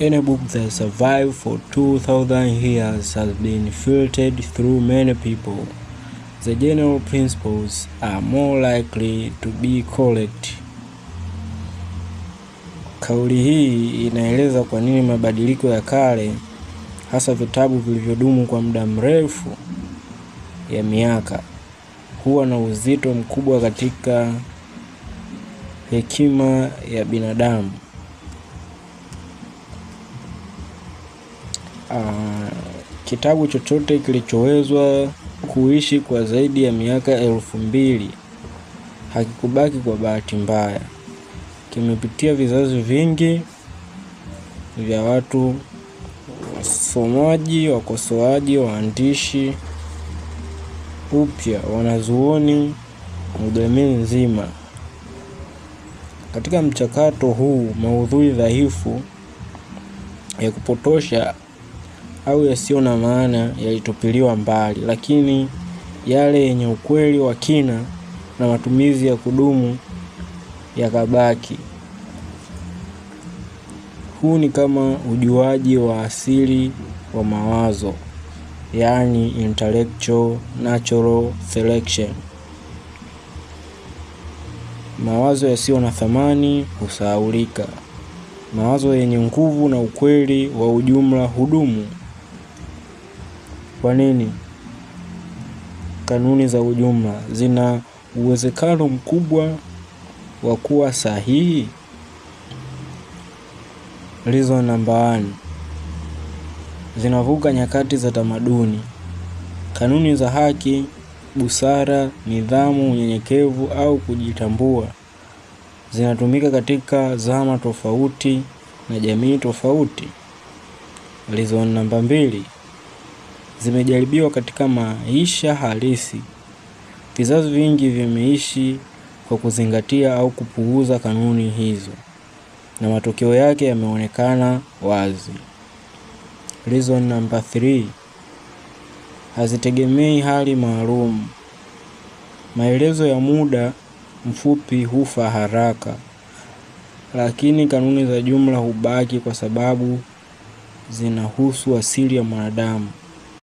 Any book that survived for 2000 years has been filtered through many people. The general principles are more likely to be correct. Kauli hii inaeleza kwa nini mabadiliko ya kale, hasa vitabu vilivyodumu kwa muda mrefu ya miaka, huwa na uzito mkubwa katika hekima ya binadamu. uh, kitabu chochote kilichowezwa kuishi kwa zaidi ya miaka elfu mbili hakikubaki kwa bahati mbaya, kimepitia vizazi vingi vya watu, wasomaji, wakosoaji, waandishi upya, wanazuoni na jamii nzima. Katika mchakato huu, maudhui dhaifu ya kupotosha au yasiyo na maana yalitupiliwa mbali, lakini yale yenye ukweli wa kina na matumizi ya kudumu yakabaki. Huu ni kama ujuaji wa asili wa mawazo, yaani intellectual natural selection. Mawazo yasiyo na thamani husahaulika. Mawazo yenye nguvu na ukweli wa ujumla hudumu. Kwa nini? Kanuni za ujumla zina uwezekano mkubwa wa kuwa sahihi. Reason namba one, zinavuka nyakati za tamaduni. Kanuni za haki, busara, nidhamu, unyenyekevu au kujitambua zinatumika katika zama tofauti na jamii tofauti. Reason namba mbili zimejaribiwa katika maisha halisi. Vizazi vingi vimeishi kwa kuzingatia au kupuuza kanuni hizo na matokeo yake yameonekana wazi. Reason number three, hazitegemei hali maalum. Maelezo ya muda mfupi hufa haraka, lakini kanuni za jumla hubaki kwa sababu zinahusu asili ya mwanadamu.